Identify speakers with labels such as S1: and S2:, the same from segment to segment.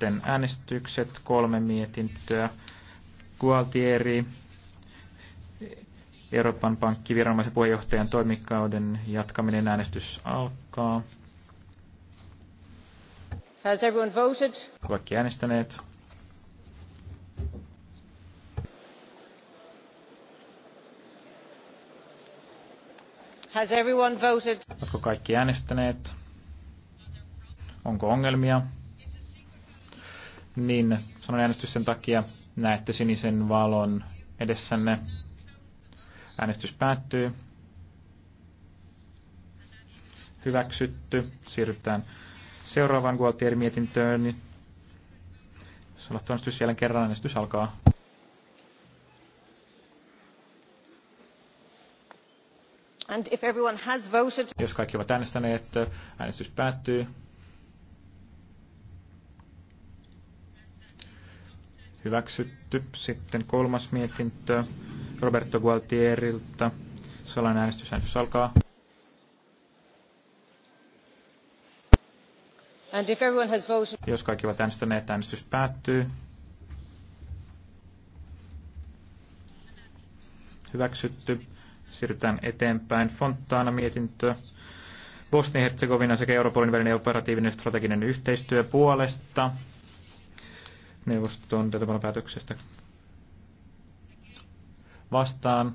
S1: sitten äänestykset, kolme mietintöä. Gualtieri, Euroopan viranomaisen puheenjohtajan toimikauden jatkaminen äänestys alkaa.
S2: Has everyone voted?
S1: Kaikki äänestäneet.
S2: Has everyone voted?
S1: Oletko kaikki äänestäneet? Onko ongelmia? niin sanon äänestys sen takia näette sinisen valon edessänne. Äänestys päättyy. Hyväksytty. Siirrytään seuraavaan Gualtieri-mietintöön. Sanotaan äänestys jälleen kerran. Äänestys alkaa.
S2: And if everyone has voted... Jos
S1: kaikki ovat äänestäneet, äänestys päättyy. hyväksytty. Sitten kolmas mietintö Roberto Gualtierilta. Salainen äänestys, äänestys alkaa.
S2: And if everyone has voted...
S1: Jos kaikki ovat äänestäneet, äänestys päättyy. Hyväksytty. Siirrytään eteenpäin. Fontaana mietintö. Bosnia-Herzegovina sekä Europolin välinen operatiivinen strateginen yhteistyö puolesta neuvoston päätöksestä vastaan.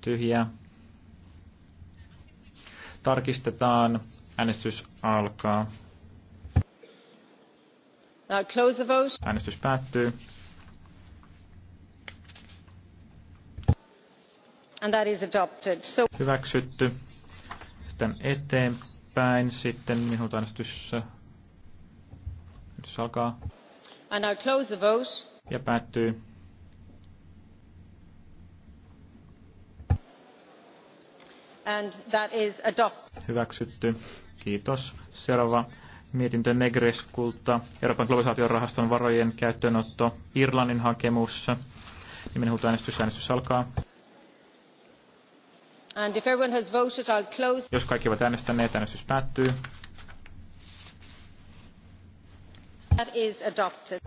S1: Tyhjä. Tarkistetaan. Äänestys alkaa.
S2: Now close the vote.
S1: Äänestys päättyy.
S2: And that is adopted. So...
S1: Hyväksytty. Sitten eteenpäin. Sitten minun äänestys Äänestys alkaa.
S2: And I'll close the vote.
S1: Ja päättyy.
S3: And that is adopted.
S1: Hyväksytty. Kiitos. Seuraava mietintö Negreskulta. Euroopan globalisaatiorahaston varojen käyttöönotto Irlannin hakemus. Nimenhuutoäänestys. Äänestys alkaa.
S2: And if everyone has voted, I'll close.
S1: Jos kaikki ovat äänestäneet, äänestys päättyy.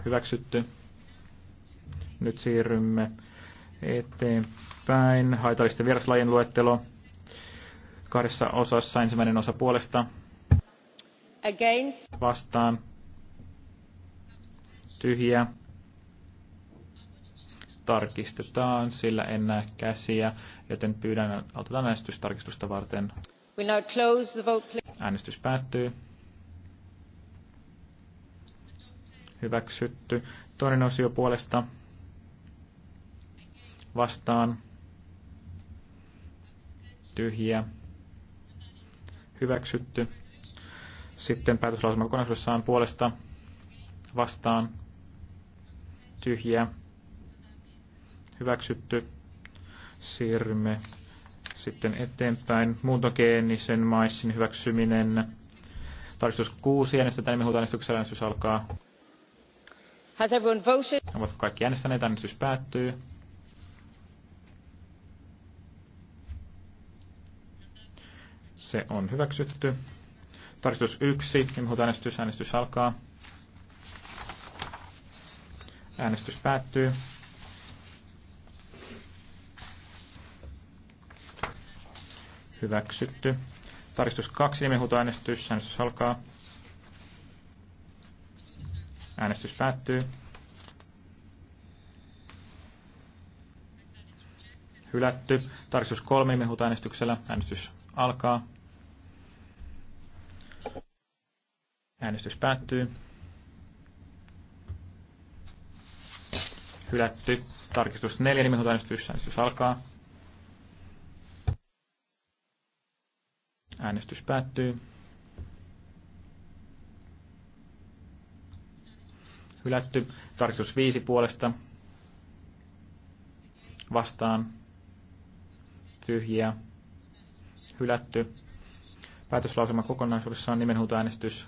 S1: Hyväksytty. Nyt siirrymme eteenpäin. Haitallisten vieraslajien luettelo kahdessa osassa. Ensimmäinen osa puolesta. Against. Vastaan. Tyhjä. Tarkistetaan, sillä en näe käsiä, joten pyydän, otetaan äänestystarkistusta varten.
S2: We now close the vote,
S1: Äänestys päättyy. hyväksytty. Toinen osio puolesta vastaan tyhjiä hyväksytty. Sitten päätöslausuma kokonaisuudessaan puolesta vastaan tyhjiä hyväksytty. Siirrymme sitten eteenpäin. Muuntogeenisen maissin hyväksyminen. Tarkistus 6. Äänestetään nimenhuutoäänestyksellä. Äänestys alkaa.
S2: Has everyone voted?
S1: Ovatko kaikki äänestäneet? Äänestys päättyy. Se on hyväksytty. Tarkistus 1. Ilmoitusäänestys. Äänestys alkaa. Äänestys päättyy. Hyväksytty. Tarkistus 2. Nimenhuutoäänestys. Äänestys alkaa. Äänestys päättyy. Hylätty. Tarkistus kolme äänestyksellä. Äänestys alkaa. Äänestys päättyy. Hylätty. Tarkistus neljä äänestys. Äänestys alkaa. Äänestys päättyy. hylätty. Tarkistus 5 puolesta vastaan tyhjiä hylätty. päätöslauselma kokonaisuudessaan nimenhuutoäänestys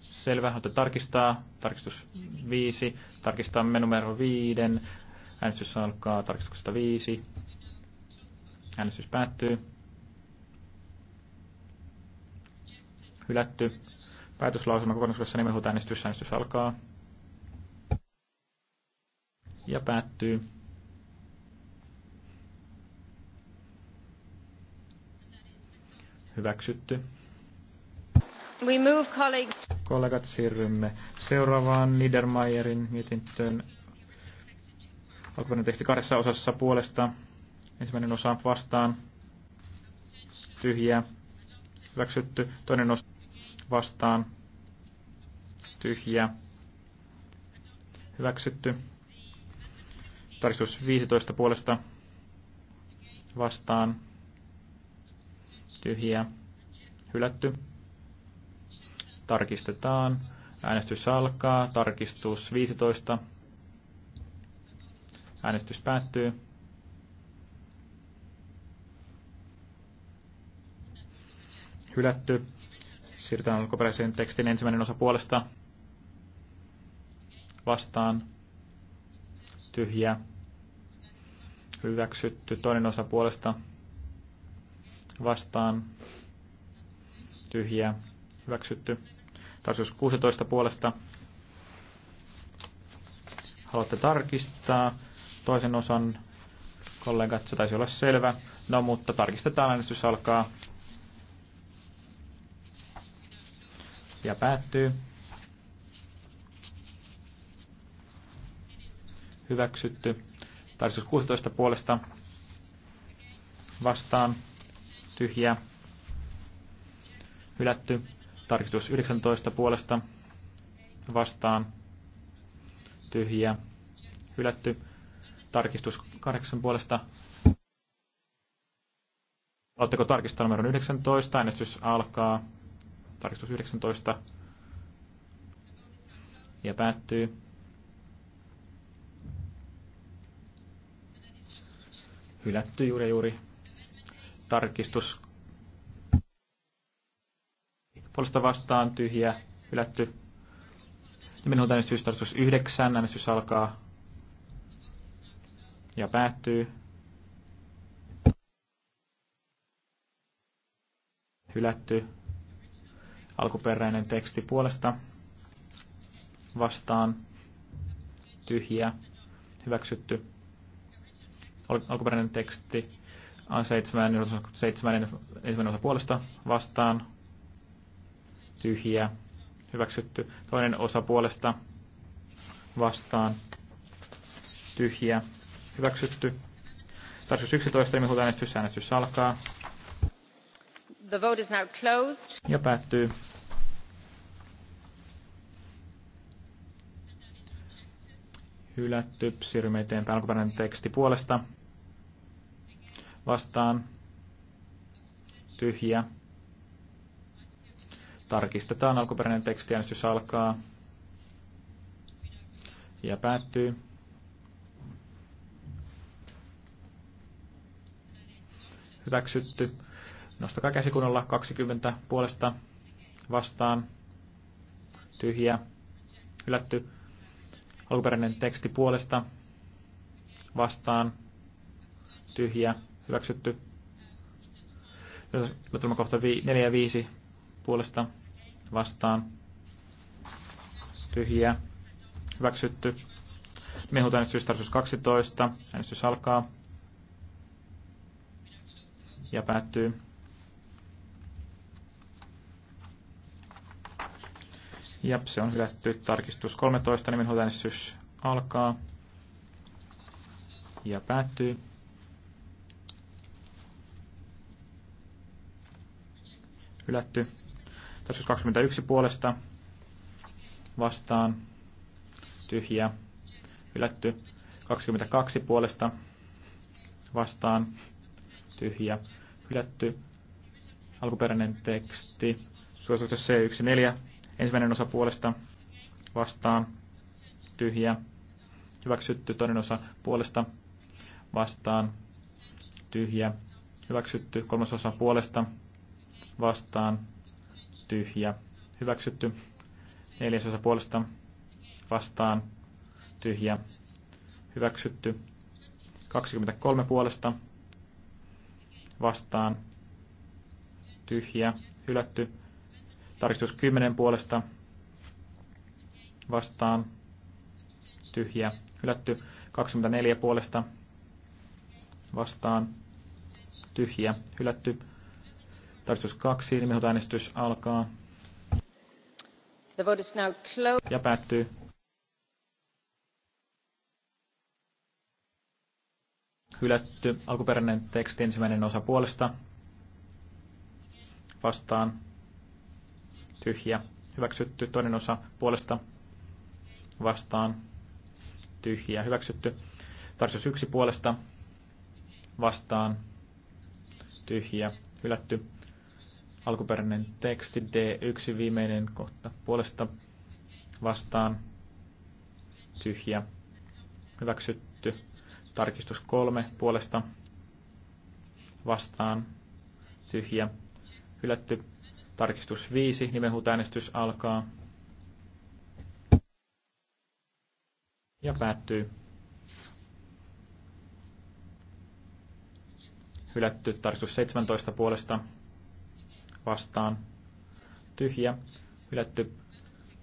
S1: selvä, otte tarkistaa, tarkistus 5, tarkistamme numero 5, äänestys alkaa tarkistuksesta 5, äänestys päättyy, hylätty, päätöslauselma kokonaisuudessaan nimenhuutoäänestys, äänestys alkaa, ja päättyy. Hyväksytty.
S3: We move colleagues.
S1: Kollegat, siirrymme seuraavaan Niedermayerin mietintöön. Alkuperäinen teksti kahdessa osassa puolesta. Ensimmäinen osa vastaan. tyhjä. Hyväksytty. Toinen osa vastaan. tyhjä. Hyväksytty. Tarkistus 15 puolesta vastaan. Tyhjiä. Hylätty. Tarkistetaan. Äänestys alkaa. Tarkistus 15. Äänestys päättyy. Hylätty. Siirrytään alkuperäisen tekstin ensimmäinen osa puolesta. Vastaan tyhjä, hyväksytty. Toinen osa puolesta vastaan tyhjä, hyväksytty. Tarkistus 16 puolesta. Haluatte tarkistaa toisen osan kollegat, se taisi olla selvä. No, mutta tarkistetaan, äänestys alkaa. Ja päättyy. hyväksytty. Tarkistus 16 puolesta vastaan tyhjä. hylätty. Tarkistus 19 puolesta vastaan tyhjä. hylätty. Tarkistus 8 puolesta. Oletteko tarkistaa numero 19? Äänestys alkaa. Tarkistus 19 ja päättyy. Hylätty juuri juuri. Tarkistus. Puolesta vastaan tyhjä. Hylätty. Minun äänestystarkistus 9. Äänestys alkaa ja päättyy. Hylätty. Alkuperäinen teksti puolesta. Vastaan. Tyhjä. Hyväksytty alkuperäinen teksti on 7 7, ensimmäinen osa puolesta vastaan, tyhjä, hyväksytty. Toinen osa puolesta vastaan, tyhjä, hyväksytty. Tarkoitus 11, äänestys, äänestys alkaa.
S3: The vote is now closed.
S1: Ja päättyy. Hylätty, siirrymme eteenpäin alkuperäinen teksti puolesta vastaan tyhjä Tarkistetaan alkuperäinen äänestys alkaa ja päättyy. Hyväksytty. Nostakaa kunnolla 20 puolesta vastaan. Tyhjä. Hylätty. Alkuperäinen teksti puolesta vastaan. Tyhjä hyväksytty. Ilmoitelma kohta 4 ja 5 puolesta vastaan tyhjiä hyväksytty. Mehut äänestystarkoitus 12. Äänestys alkaa ja päättyy. Ja se on hylätty. Tarkistus 13, nimenhuoltoäänestys alkaa ja päättyy. Hylätty. on 21 puolesta vastaan. Tyhjä. Hylätty. 22 puolesta vastaan. Tyhjä. Hylätty. Alkuperäinen teksti. Suosituksessa C14. Ensimmäinen osa puolesta vastaan. Tyhjä. Hyväksytty. Toinen osa puolesta vastaan. Tyhjä. Hyväksytty. Kolmas osa puolesta vastaan vastaan tyhjä hyväksytty. Neljäsosa puolesta vastaan tyhjä hyväksytty. 23 puolesta vastaan tyhjä hylätty. Tarkistus 10 puolesta vastaan tyhjä hylätty. 24 puolesta vastaan tyhjä hylätty. Tarkistus 2, nimenhuutoäänestys alkaa.
S2: The vote is now
S3: closed. Ja päättyy.
S1: Hylätty. Alkuperäinen teksti ensimmäinen osa puolesta. Vastaan. Tyhjä. Hyväksytty. Toinen osa puolesta. Vastaan. Tyhjä. Hyväksytty. Tarkistus yksi puolesta. Vastaan. Tyhjä. Hylätty Alkuperäinen teksti D1 viimeinen kohta puolesta vastaan tyhjä hyväksytty. Tarkistus 3 puolesta vastaan tyhjä hylätty. Tarkistus 5 nimenhuutäänestys alkaa. ja päättyy. Hylätty tarkistus 17 puolesta vastaan tyhjä, Ylätty.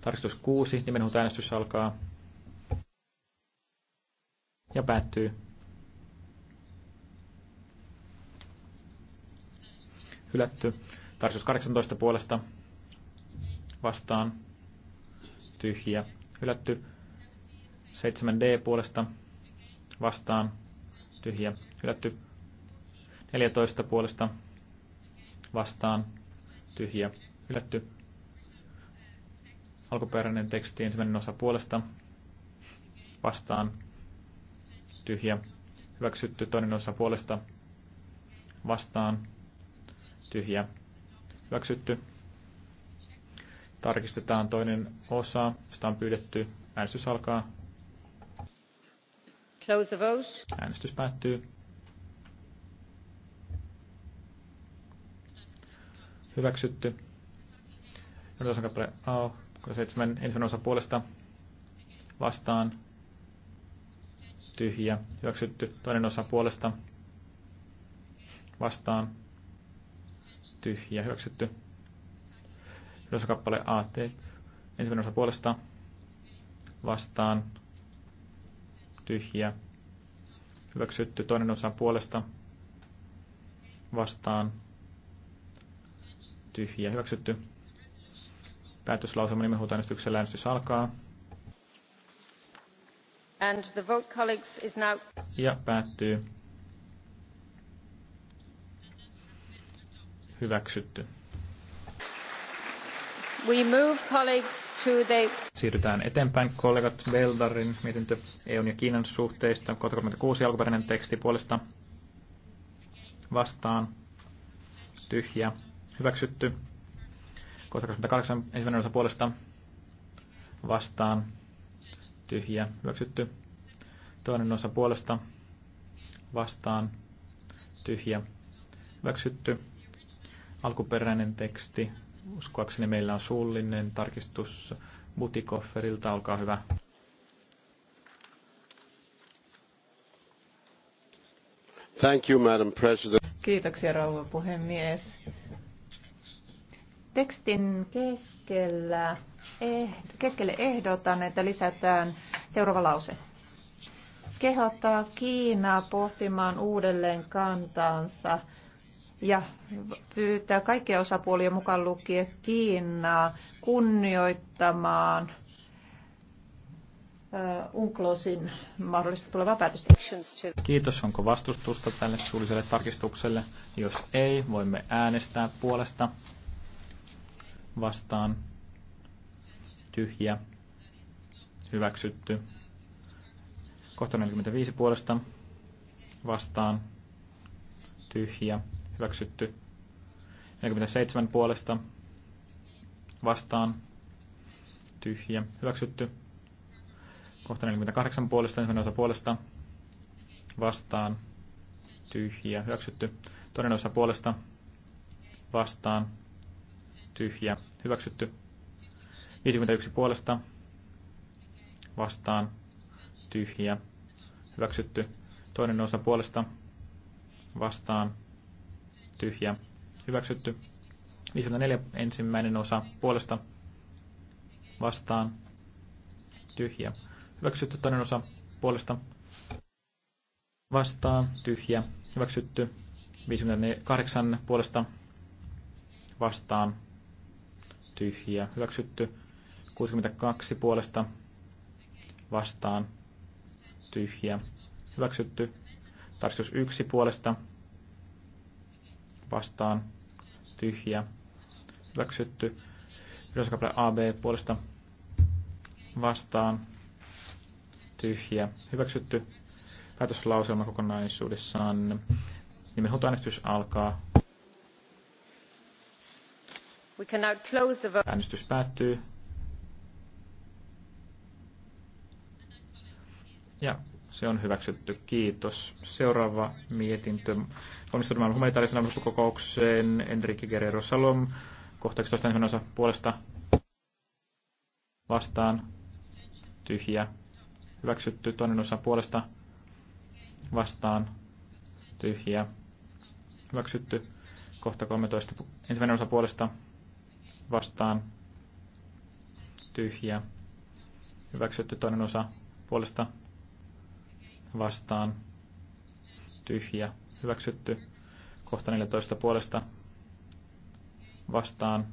S1: Tarkistus 6, äänestys alkaa ja päättyy. Hylätty. Tarkistus 18 puolesta vastaan tyhjä, hylätty. 7D puolesta vastaan tyhjä, hylätty. 14 puolesta vastaan tyhjä, hylätty. Alkuperäinen teksti, ensimmäinen osa puolesta, vastaan, tyhjä, hyväksytty. Toinen osa puolesta, vastaan, tyhjä, hyväksytty. Tarkistetaan toinen osa, sitä on pyydetty. Äänestys alkaa. Close the vote. Äänestys päättyy. hyväksytty. Nyt kappale A, 7, ensimmäinen osa puolesta vastaan, tyhjä, hyväksytty. Toinen osa puolesta vastaan, tyhjä, hyväksytty. Nyt kappale A, T, ensimmäinen osa puolesta vastaan, tyhjä, hyväksytty. Toinen osa puolesta vastaan, tyhjä hyväksytty. Päätöslauselma nimenhuutoäänestyksellä äänestys alkaa.
S2: And the vote, colleagues, is now...
S1: Ja päättyy. Hyväksytty.
S3: We move colleagues to the...
S1: Siirrytään eteenpäin kollegat Beldarin mietintö EUn ja Kiinan suhteista. 36 alkuperäinen teksti puolesta vastaan. Tyhjä Hyväksytty. Kohta 28 ensimmäinen osa puolesta vastaan. Tyhjä. Hyväksytty. Toinen osa puolesta vastaan. Tyhjä. Hyväksytty. Alkuperäinen teksti. Uskoakseni meillä on suullinen tarkistus Butikofferilta. Olkaa hyvä. Thank you, Madam President.
S2: Kiitoksia, rouva puhemies. Tekstin keskellä, eh- keskelle ehdotan, että lisätään seuraava lause. Kehottaa Kiinaa pohtimaan uudelleen kantaansa ja pyytää kaikkia osapuolia mukaan lukien Kiinaa kunnioittamaan UNCLOSin mahdollista tulevaa päätöstä.
S1: Kiitos. Onko vastustusta tälle suulliselle tarkistukselle? Jos ei, voimme äänestää puolesta vastaan tyhjä hyväksytty. Kohta 45 puolesta vastaan tyhjä hyväksytty. 47 puolesta vastaan tyhjä hyväksytty. Kohta 48 puolesta ensimmäinen osa puolesta vastaan tyhjä hyväksytty. Toinen osa puolesta vastaan tyhjä, hyväksytty. 51 puolesta vastaan, tyhjä, hyväksytty. Toinen osa puolesta vastaan, tyhjä, hyväksytty. 54 ensimmäinen osa puolesta vastaan, tyhjä. Hyväksytty toinen osa puolesta vastaan, tyhjä. Hyväksytty 58 puolesta vastaan, tyhjiä hyväksytty. 62 puolesta vastaan tyhjiä hyväksytty. Tarkistus 1 puolesta vastaan tyhjiä hyväksytty. Yleiskappale AB puolesta vastaan tyhjiä hyväksytty. Päätöslauselma kokonaisuudessaan. Nimenhuutoäänestys alkaa.
S2: We can now close the vote. Äänestys
S1: päättyy. Ja se on hyväksytty. Kiitos. Seuraava mietintö. Onnistumaan humanitaarisen avustuskokoukseen Enrique Guerrero Salom. Kohta 11. osa puolesta vastaan. Tyhjä. Hyväksytty. Toinen osa puolesta vastaan. Tyhjä. Hyväksytty. Kohta 13. Ensimmäinen osa puolesta vastaan tyhjä. Hyväksytty toinen osa puolesta vastaan tyhjä. Hyväksytty kohta 14 puolesta vastaan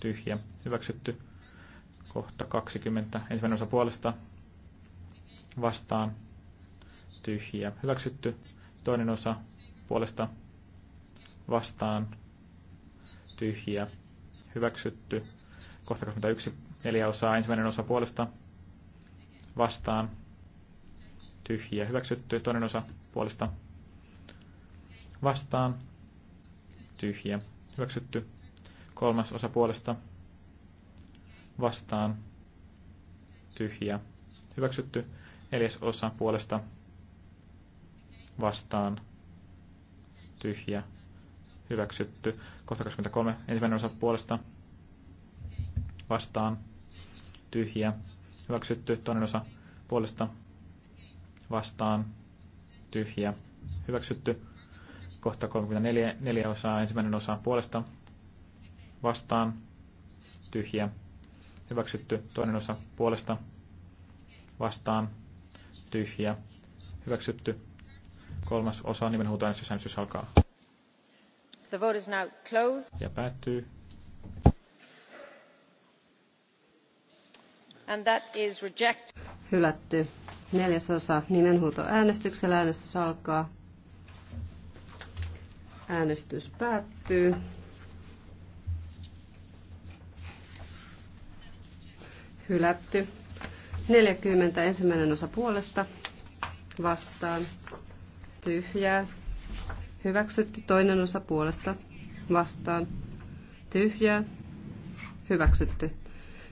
S1: tyhjä. Hyväksytty kohta 20 ensimmäinen osa puolesta vastaan tyhjä. Hyväksytty toinen osa puolesta vastaan tyhjä hyväksytty. Kohta 21 neljä osaa, ensimmäinen osa puolesta vastaan, tyhjiä hyväksytty, toinen osa puolesta vastaan, tyhjiä hyväksytty, kolmas osa puolesta vastaan, tyhjiä hyväksytty, neljäs osa puolesta vastaan, tyhjiä hyväksytty. Kohta 23, ensimmäinen osa puolesta vastaan, tyhjä, hyväksytty. Toinen osa puolesta vastaan, tyhjä, hyväksytty. Kohta 34, neljä osaa, ensimmäinen osa puolesta vastaan, tyhjä, hyväksytty. Toinen osa puolesta vastaan, tyhjä, hyväksytty. Kolmas osa nimenhuutoäänestys, alkaa.
S2: The vote is now closed.
S1: Ja päättyy.
S2: And that is rejected.
S3: Hylätty. Neljäsosa nimenhuuto äänestyksellä. Äänestys alkaa. Äänestys päättyy. Hylätty. 40 ensimmäinen osa puolesta vastaan. Tyhjää. Hyväksytty toinen osa puolesta vastaan. Tyhjää. Hyväksytty.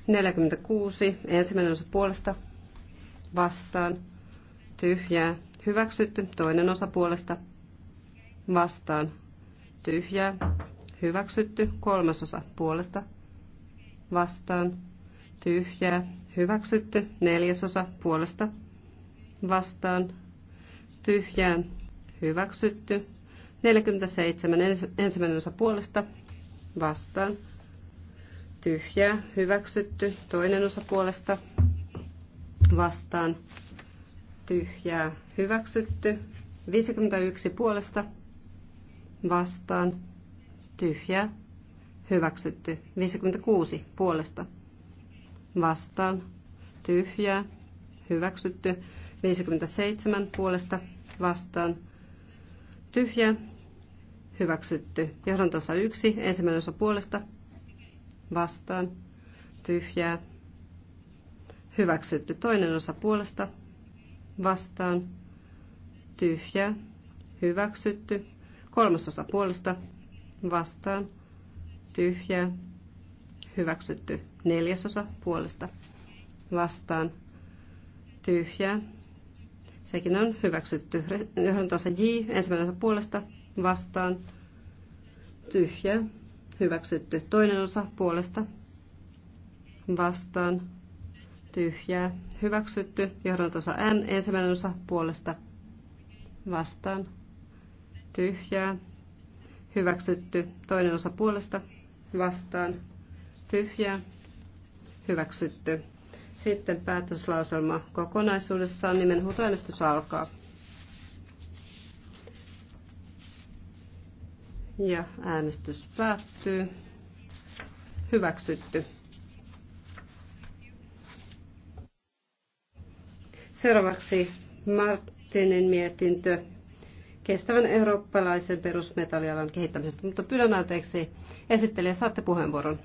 S3: 46. Ensimmäinen osa puolesta vastaan. Tyhjää. Hyväksytty. Toinen osa puolesta vastaan. Tyhjää. Hyväksytty. Kolmas osa puolesta vastaan. Tyhjää. Hyväksytty. Neljäs osa puolesta vastaan. Tyhjää. Hyväksytty. 47. Ensimmäinen osa puolesta vastaan. Tyhjää. Hyväksytty. Toinen osa puolesta vastaan. Tyhjää. Hyväksytty. 51 puolesta vastaan. Tyhjää. Hyväksytty. 56 puolesta vastaan. Tyhjää. Hyväksytty. 57 puolesta vastaan. Tyhjää hyväksytty. Johdantosa 1, ensimmäinen osa puolesta, vastaan, tyhjää, hyväksytty. Toinen osa puolesta, vastaan, tyhjää, hyväksytty. Kolmas osa puolesta, vastaan, tyhjää, hyväksytty. Neljäs osa puolesta, vastaan, tyhjää, sekin on hyväksytty. Johdantosa J, ensimmäinen osa puolesta, vastaan, tyhjä, hyväksytty. Toinen osa puolesta, vastaan, tyhjää, hyväksytty. Johdantosa N, ensimmäinen osa puolesta, vastaan, tyhjää, hyväksytty. Toinen osa puolesta, vastaan, tyhjää, hyväksytty. Sitten päätöslauselma kokonaisuudessaan nimenhuutoäänestys alkaa. Ja äänestys päättyy. Hyväksytty. Seuraavaksi Martinin mietintö kestävän eurooppalaisen perusmetallialan kehittämisestä, mutta pyydän
S2: anteeksi esittelijä, saatte puheenvuoron.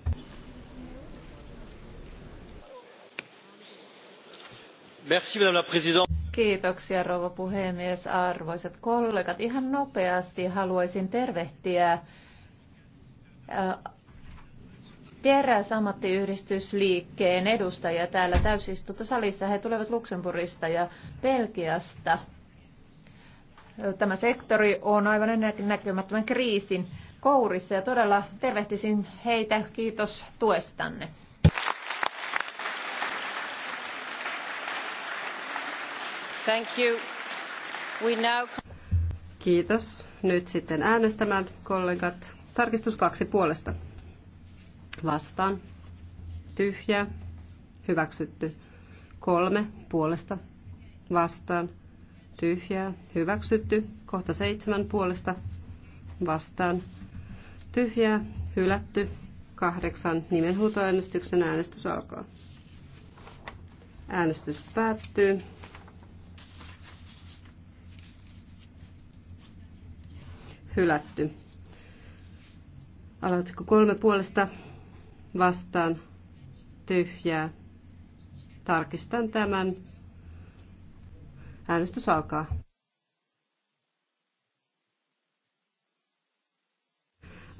S3: Merci, madame la présidente.
S2: Kiitoksia rouva puhemies, arvoisat kollegat. Ihan nopeasti haluaisin tervehtiä äh, teräsammattiyhdistysliikkeen edustajia täällä täysistuntosalissa. He tulevat Luxemburgista ja Belgiasta. Tämä sektori on aivan näkymättömän kriisin kourissa ja todella tervehtisin heitä. Kiitos tuestanne.
S3: Thank you. We now... Kiitos. Nyt sitten äänestämään kollegat. Tarkistus kaksi puolesta. Vastaan. Tyhjä. Hyväksytty. Kolme puolesta. Vastaan. Tyhjää. Hyväksytty. Kohta seitsemän puolesta. Vastaan. Tyhjää. Hylätty. Kahdeksan. Nimenhuutoäänestyksen äänestys alkaa. Äänestys päättyy. hylätty. Aloitatko kolme puolesta vastaan tyhjää? Tarkistan tämän. Äänestys alkaa.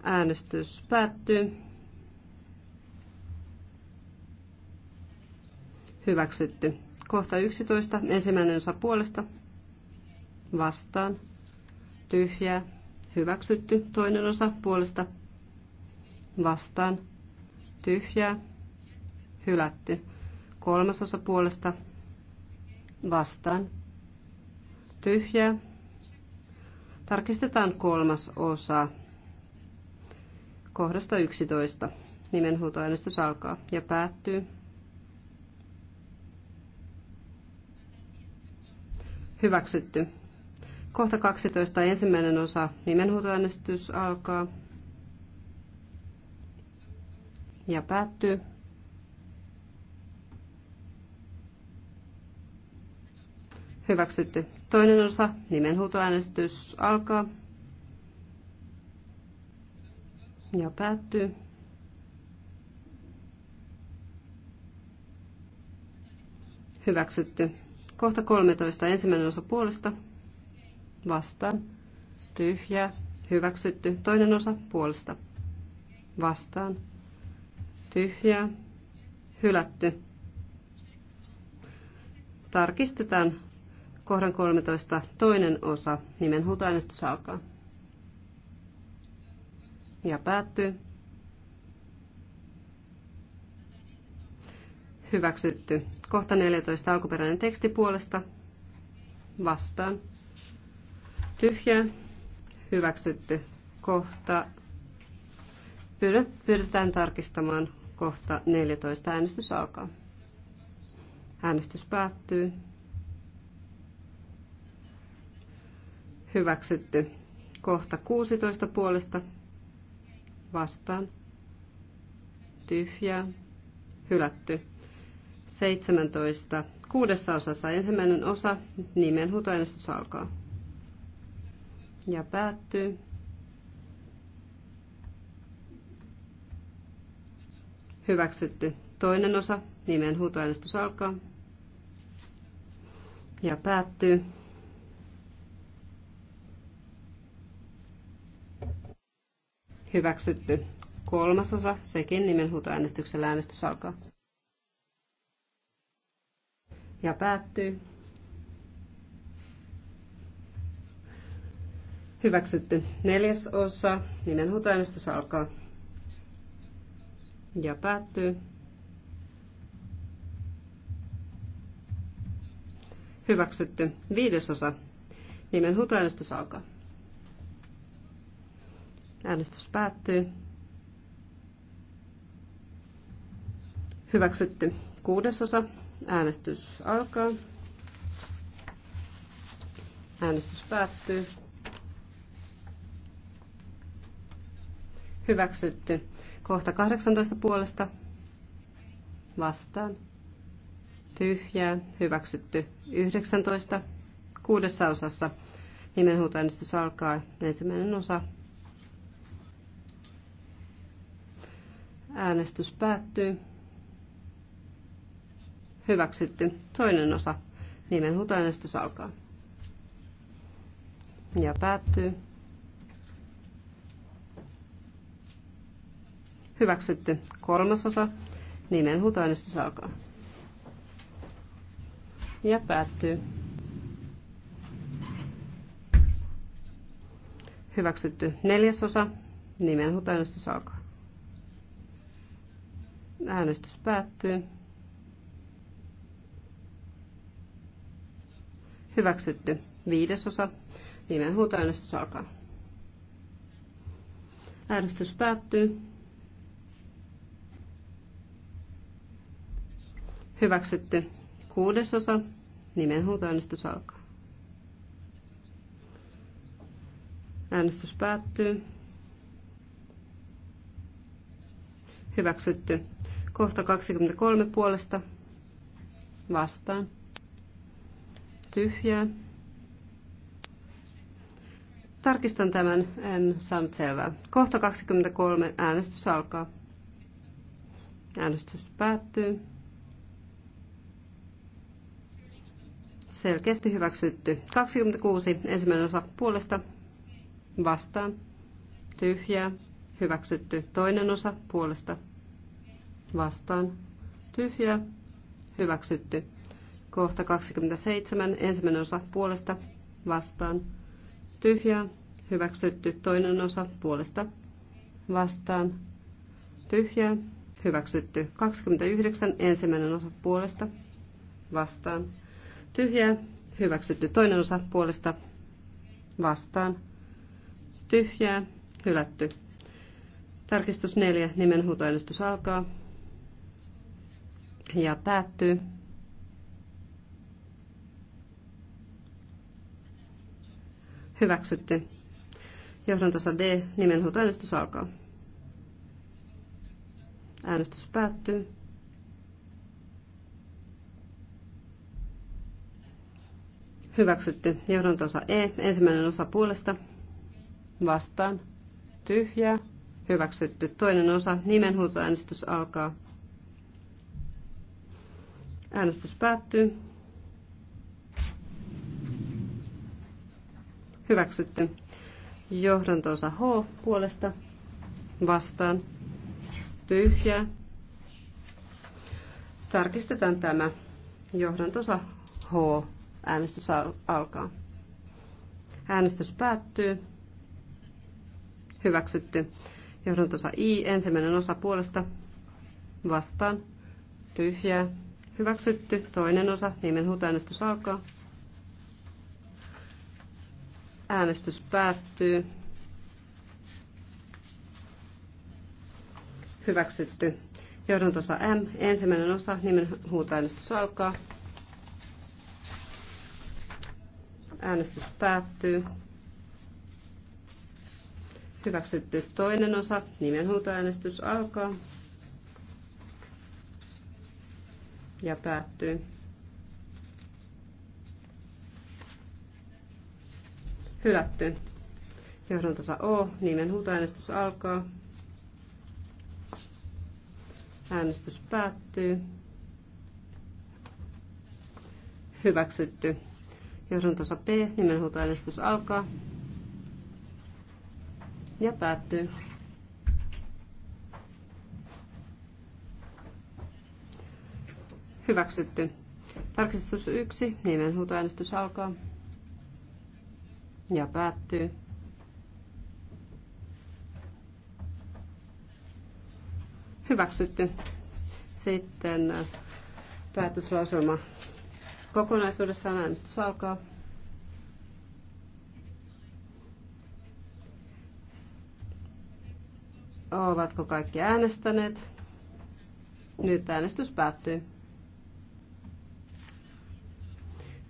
S3: Äänestys päättyy. Hyväksytty. Kohta 11. Ensimmäinen osa puolesta. Vastaan. Tyhjää Hyväksytty. Toinen osa puolesta vastaan. Tyhjää. Hylätty. Kolmas osa puolesta vastaan. Tyhjää. Tarkistetaan kolmas osa. Kohdasta 11. Nimenhuutoäänestys alkaa ja päättyy. Hyväksytty. Kohta 12. Ensimmäinen osa. Nimenhuutoäänestys alkaa. Ja päättyy. Hyväksytty. Toinen osa. Nimenhuutoäänestys alkaa. Ja päättyy. Hyväksytty. Kohta 13. Ensimmäinen osa puolesta vastaan, tyhjää, hyväksytty. Toinen osa puolesta, vastaan, tyhjää, hylätty. Tarkistetaan kohdan 13 toinen osa, nimen huutoäänestys alkaa. Ja päättyy. Hyväksytty. Kohta 14 alkuperäinen teksti puolesta. Vastaan tyhjä, hyväksytty. Kohta pyydetään tarkistamaan kohta 14. Äänestys alkaa. Äänestys päättyy. Hyväksytty. Kohta 16 puolesta vastaan. Tyhjää. Hylätty. 17. Kuudessa osassa ensimmäinen osa. Nimenhuutoäänestys alkaa ja päättyy. Hyväksytty toinen osa, nimen huutoäänestys alkaa ja päättyy. Hyväksytty kolmas osa, sekin nimen huutoäänestyksellä äänestys alkaa ja päättyy. Hyväksytty neljäs osa. Nimenhuutoäänestys alkaa. Ja päättyy. Hyväksytty viides osa. Nimenhuutoäänestys alkaa. Äänestys päättyy. Hyväksytty kuudes osa, Äänestys alkaa. Äänestys päättyy. Hyväksytty. Kohta 18 puolesta. Vastaan. Tyhjää. Hyväksytty. 19. Kuudessa osassa. Nimenhuutoäänestys alkaa. Ensimmäinen osa. Äänestys päättyy. Hyväksytty. Toinen osa. Nimenhuutoäänestys alkaa. Ja päättyy. Hyväksytty. Kolmasosa. Nimenhuutoäänestys alkaa. Ja päättyy. Hyväksytty. Neljäsosa. Nimenhuutoäänestys alkaa. Äänestys päättyy. Hyväksytty. Viidesosa. Nimenhuutoäänestys alkaa. Äänestys päättyy. Hyväksytty. Kuudesosa. Nimenhuutoäänestys alkaa. Äänestys päättyy. Hyväksytty. Kohta 23 puolesta. Vastaan. Tyhjää. Tarkistan tämän, en saanut selvää. Kohta 23 äänestys alkaa. Äänestys päättyy. selkeästi hyväksytty. 26 ensimmäinen osa puolesta vastaan tyhjää hyväksytty. Toinen osa puolesta vastaan tyhjää hyväksytty. Kohta 27 ensimmäinen osa puolesta vastaan tyhjää hyväksytty. Toinen osa puolesta vastaan tyhjää hyväksytty. 29 ensimmäinen osa puolesta vastaan tyhjää, hyväksytty. Toinen osa puolesta vastaan, tyhjää, hylätty. Tarkistus neljä nimenhuutoäänestys alkaa ja päättyy. Hyväksytty. Johdantosa D, nimenhuutoäänestys alkaa. Äänestys päättyy. Hyväksytty. osa E. Ensimmäinen osa puolesta. Vastaan. Tyhjää. Hyväksytty. Toinen osa. Nimenhuutoäänestys alkaa. Äänestys päättyy. Hyväksytty. osa H puolesta. Vastaan. Tyhjää. Tarkistetaan tämä johdantosa H Äänestys alkaa. Äänestys päättyy. Hyväksytty. Johdantosa I, ensimmäinen osa puolesta. Vastaan. Tyhjää. Hyväksytty. Toinen osa. äänestys alkaa. Äänestys päättyy. Hyväksytty. Johdantosa M, ensimmäinen osa. äänestys alkaa. Äänestys päättyy. Hyväksytty toinen osa. Nimenhuutoäänestys alkaa. Ja päättyy. Hylätty. tasa O. Nimenhuutoäänestys alkaa. Äänestys päättyy. Hyväksytty. Jos on tasa P, nimenhuutoäänestys alkaa ja päättyy. Hyväksytty. Tarkistus 1, nimenhuutoäänestys alkaa ja päättyy. Hyväksytty. Sitten äh, päätöslauselma Kokonaisuudessaan äänestys alkaa. Ovatko kaikki äänestäneet? Nyt äänestys päättyy.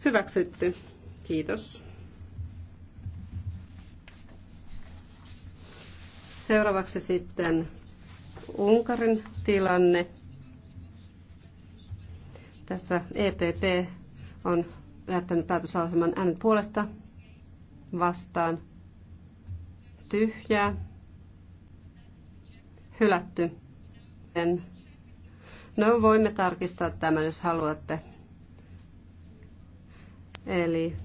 S3: Hyväksytty. Kiitos. Seuraavaksi sitten Unkarin tilanne. Tässä EPP on lähettänyt päätöslauselman äänet puolesta vastaan tyhjää hylätty. En. No voimme tarkistaa tämän, jos haluatte. Eli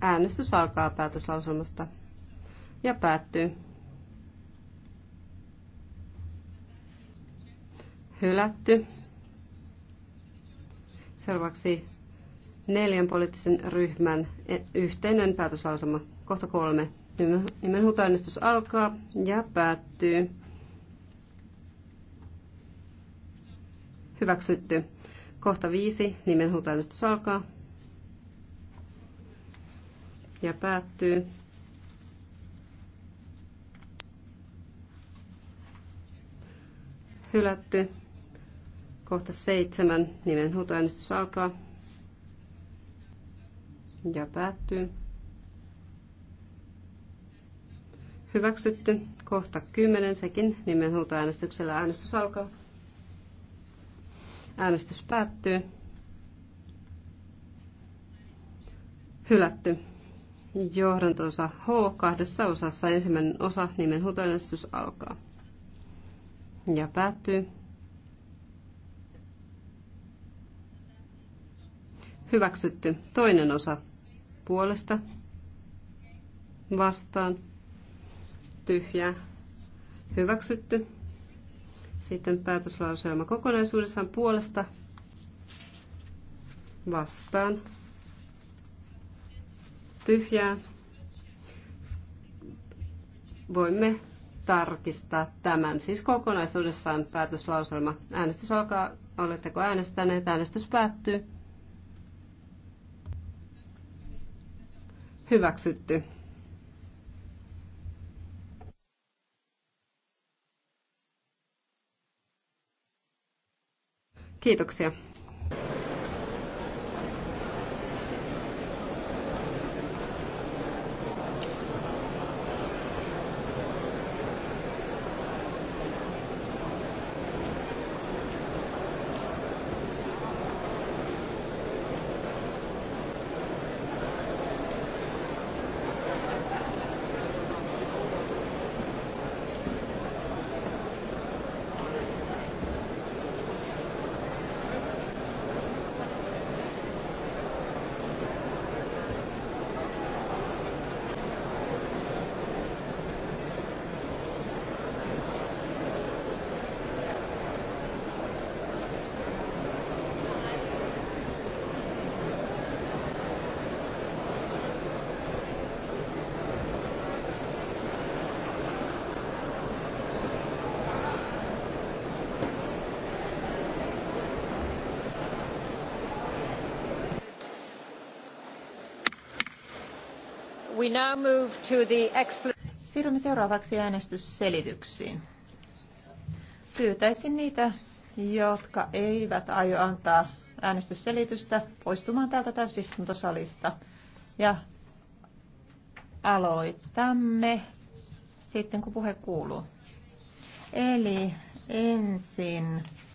S3: äänestys alkaa päätöslauselmasta ja päättyy. Hylätty. Seuraavaksi neljän poliittisen ryhmän e- yhteinen päätöslausuma Kohta kolme. Nimenhuutoäänestys alkaa ja päättyy. Hyväksytty. Kohta viisi. Nimenhuutoäänestys alkaa ja päättyy. Hylätty. Kohta seitsemän. Nimenhuutoäänestys alkaa. Ja päättyy. Hyväksytty. Kohta 10. Sekin nimenhuutoäänestyksellä äänestys alkaa. Äänestys päättyy. Hylätty. Johdantoosa H kahdessa osassa. Ensimmäinen osa nimenhuutoäänestys alkaa. Ja päättyy. Hyväksytty. Toinen osa puolesta vastaan. Tyhjää. Hyväksytty. Sitten päätöslauselma kokonaisuudessaan puolesta vastaan. Tyhjää. Voimme tarkistaa tämän. Siis kokonaisuudessaan päätöslauselma. Äänestys alkaa. Oletteko äänestäneet? Äänestys päättyy. hyväksytty. Kiitoksia.
S2: Siirrymme seuraavaksi äänestysselityksiin. Pyytäisin niitä, jotka eivät aio antaa äänestysselitystä, poistumaan täältä täysistuntosalista. Ja aloitamme sitten, kun puhe kuuluu. Eli ensin